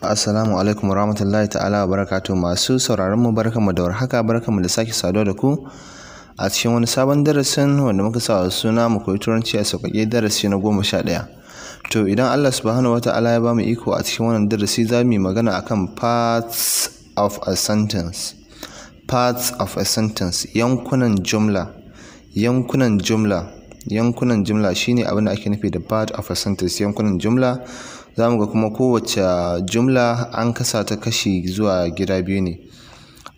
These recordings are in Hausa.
Assalamu alaikum wa rahmatullahi ta'ala wa barakatuh masu sauraron mu barkamu da warhaka barkamu da sake saduwa da ku a cikin wani sabon darasin wanda muka sa suna mu koyi turanci a sauƙaƙe darasi na goma sha ɗaya. To idan Allah subhanahu wata'ala ya mu iko a cikin wannan darasi za mu yi magana akan parts of a sentence. Parts of a sentence yankunan jumla yankunan jumla yankunan jumla shine abin da ake nufi da part of a sentence yankunan jumla za mu ga kuma kowace jumla an kasa ta kashi zuwa gida biyu ne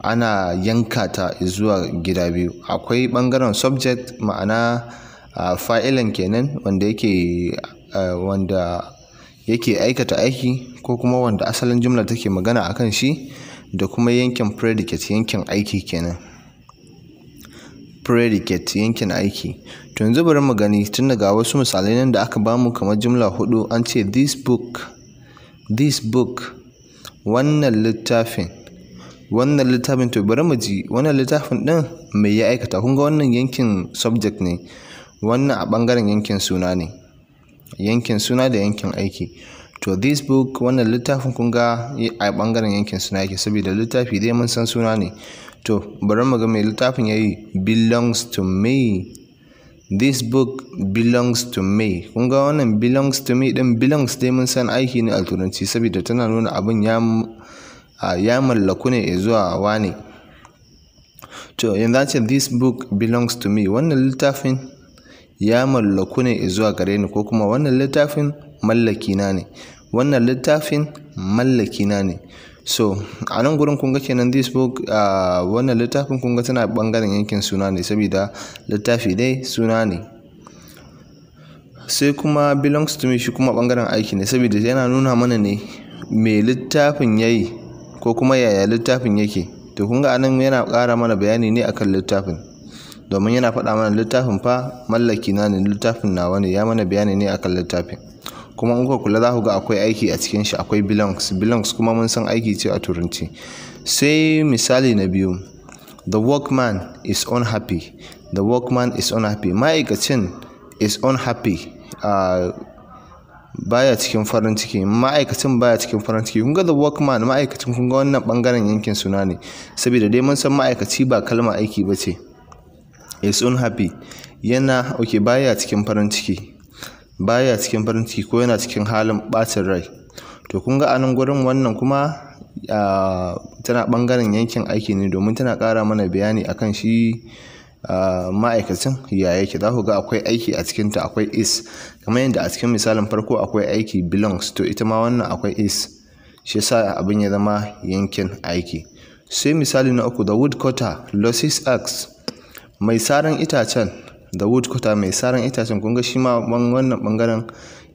ana yanka ta zuwa gida biyu akwai ɓangaren subject ma'ana fa'ilan kenan wanda yake wanda yake aikata aiki ko kuma wanda asalin jumla take magana a kan shi da kuma yankin predicate yankin aiki kenan predicate yankin aiki yanzu bari mu gani tun daga wasu misalai nan da aka bamu kamar jumla hudu an ce this book this book wannan littafin wannan littafin to bari mu ji wannan littafin din me ya aikata kun ga wannan yankin subject ne wannan a bangaren yankin suna ne yankin suna da yankin aiki to this book wannan littafin kun ga a bangaren yankin suna yake saboda littafi dai mun san suna ne to bari mu ga mai littafin yayi belongs to me this book belongs to me kun ga wannan belongs to me din belongs dai mun san aiki ne a turanci saboda tana nuna abin ya ya mallaku ne zuwa wane to yanzu ce this book belongs to me wannan littafin ya mallaku ne zuwa gare ni ko kuma wannan littafin mallakina ne wannan littafin mallakina ne so a nan gurin kunga kenan this book a wannan littafin kunga tana bangaren yankin suna ne saboda littafi dai suna ne sai kuma belongs to me shi kuma bangaren aiki ne saboda yana nuna mana ne me littafin yayi ko kuma yaya littafin yake to kun ga anan yana kara mana bayani ne akan littafin domin yana faɗa mana littafin fa mallaki na ne littafin nawa ne ya mana bayani ne akan littafin kuma in kula za ku ga akwai aiki a cikin shi akwai belongs belongs kuma mun san aiki ce a turanci sai misali na biyu the workman is unhappy the workman is unhappy ma'aikacin is unhappy ba baya cikin farin ciki ma'aikacin baya cikin farin ciki kun ga the workman ma'aikacin kun ga wannan bangaren yankin suna ne saboda dai mun san ma'aikaci ba kalma aiki ba ce is unhappy yana okay baya cikin farin ciki baya cikin farin ciki ko yana cikin halin ɓacin rai to kun ga anan gurin wannan kuma tana ɓangaren yankin aiki ne domin tana kara mana bayani akan shi ma'aikacin ya yake za ku ga akwai aiki a cikin ta akwai is kamar yadda a cikin misalin farko akwai aiki belongs to ita ma wannan akwai is shi yasa abin ya zama yankin aiki sai misali na uku the woodcutter losses axe mai saran itacen da wood cutter mai saran itacen kun ga shi ma wannan bangaren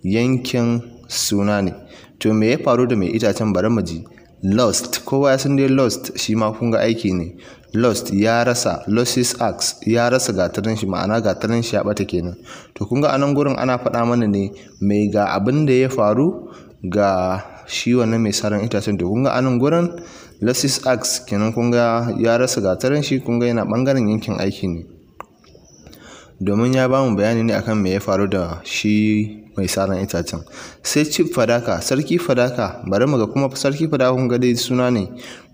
yankin suna ne to me ya faru da mai itacen baramaji lost kowa ya san dai lost shi ma kun aiki ne lost ya rasa losses axe ya rasa gatarin shi ma'ana gatarin shi ya bata kenan to kun anan gurin ana faɗa mana ne mai ga abin da ya faru ga shi wannan mai saran itacen to kun anan gurin losses axe kenan kun ya rasa gatarin shi kun yana bangaren yankin aiki ne domin ya bamu bayani ne akan me ya faru da shi mai saran itacen sai chief fadaka sarki fadaka bari mu ga kuma sarki fadaka kun suna ne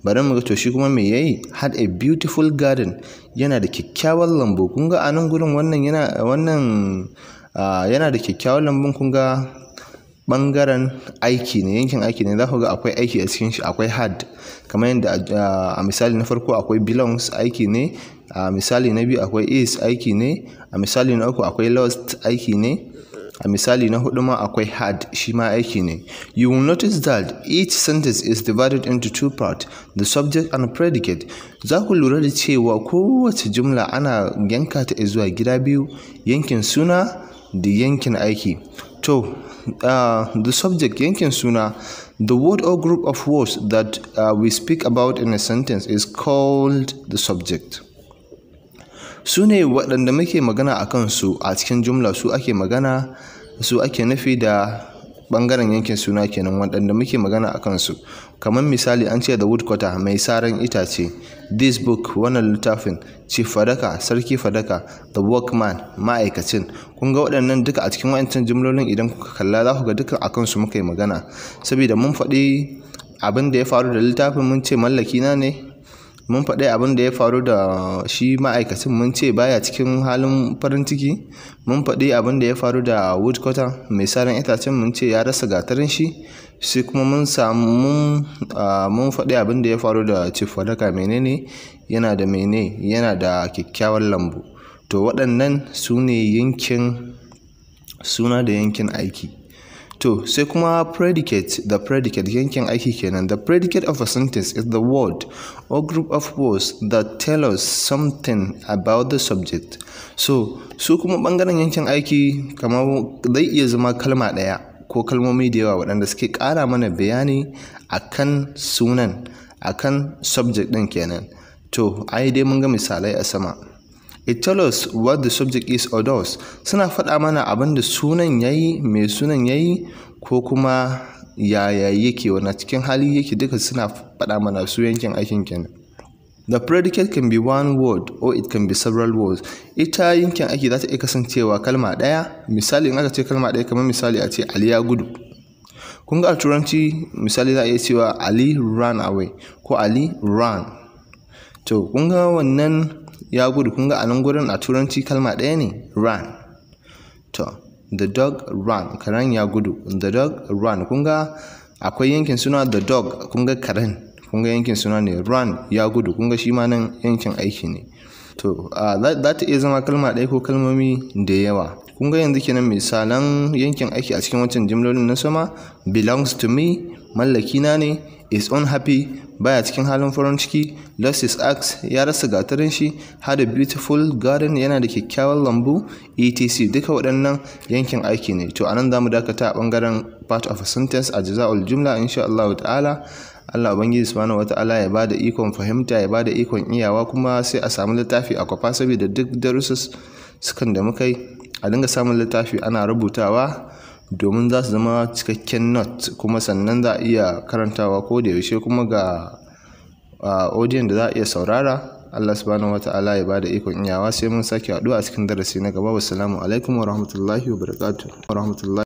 bari mu ga to shi kuma me yayi had a beautiful garden yana da kyakkyawan lambu kun ga anan gurin wannan yana wannan ah, yana da kyakkyawan lambun kun ga ɓangaren aiki ne yankin aiki ne za ku ga akwai aiki a cikin shi akwai had kamar yadda ah, a misali na farko akwai belongs aiki ne a misali na biyu akwai is aiki ne a misali na uku akwai lost aiki ne a misali na hudu ma akwai had shi ma aiki ne you will notice that each sentence is divided into two parts the subject and predicate za ku lura da cewa kowace jumla ana yanka ta zuwa gida biyu yankin suna the yankin aiki to uh, the subject yankin suna the word or group of words that uh, we speak about in a sentence is called the subject su ne waɗanda muke magana a kansu a cikin jumla su ake magana su ake nufi da bangaren yankin suna kenan waɗanda muke magana a kansu kamar misali an ce da woodcutter mai saran itace this book wannan littafin chief fadaka sarki fadaka the workman ma'aikacin kun ga waɗannan duka a cikin wa'ancan jimlolin idan kuka kalla za ku ga duka a kansu muka yi magana saboda mun faɗi abin da ya faru da littafin mun ce mallaki na ne mun faɗi abin da ya faru da shi ma'aikacin mun ce baya cikin halin farin ciki mun faɗi abin da ya faru da woodcutter mai saran itacen mun ce ya rasa gatarin shi sai kuma mun samu mun faɗi abin da ya faru da chief wadaka menene yana da mene yana da kyakkyawan lambu to waɗannan su ne yankin suna da yankin aiki To, sai kuma predicate, the predicate, yankin aiki kenan. The predicate of a sentence is the word or group of words that tell us something about the subject. So, su kuma bangaren yankin aiki kamar zai iya zama kalma ɗaya ko kalmomi da yawa waɗanda suke ƙara mana bayani kan sunan, akan subject ɗin kenan. To, ai dai mun ga misalai a sama. It tell us what the subject is or does. Suna faɗa mana abin da sunan ya yi, mai sunan ya yi, ko kuma yaya yake wani cikin hali yake duka suna faɗa mana su yankin aikin kenan. The predicate can be one word or it can be several words. Ita yankin aiki za ta iya kasancewa kalma ɗaya, misali in aka ce kalma ɗaya kamar misali a ce Ali ya gudu. Kun ga turanci misali za a iya cewa Ali ran away ko Ali ran. To kun ga wannan ya gudu kun ga a nan gurin a turanci kalma ɗaya ne run to the dog run karen ya gudu the dog run kun ga akwai yankin suna the dog kun ga karen kun ga yankin suna ne run ya gudu kun ga shi ma nan yankin aiki ne to za ta iya zama kalma ɗaya ko kalmomi da yawa kun ga yanzu kenan misalan yankin aiki a cikin wancan jimlolin na sama belongs to me mallakina ne is unhappy baya cikin halin farin ciki lost his axe ya rasa gatarin shi had a beautiful garden yana da kyakkyawan lambu etc duka waɗannan yankin aiki ne to anan mu dakata a bangaren part of a sentence a jaza'ul jumla insha Allah ta'ala Allah Ubangiji subhanahu ta'ala ya bada ikon fahimta ya bada ikon iyawa kuma sai a samu littafi a kwafa saboda duk darussus sukan da muka yi a dinga samun littafi ana rubutawa domin za su zama cikakken not kuma sannan za a iya karantawa ko da yaushe kuma ga audiyon da za a iya saurara Allah subhanahu ala ya bada ikon iyawa sai mun sake haɗu a cikin darasi na gaba salamu alaikum wa rahmatullahi wa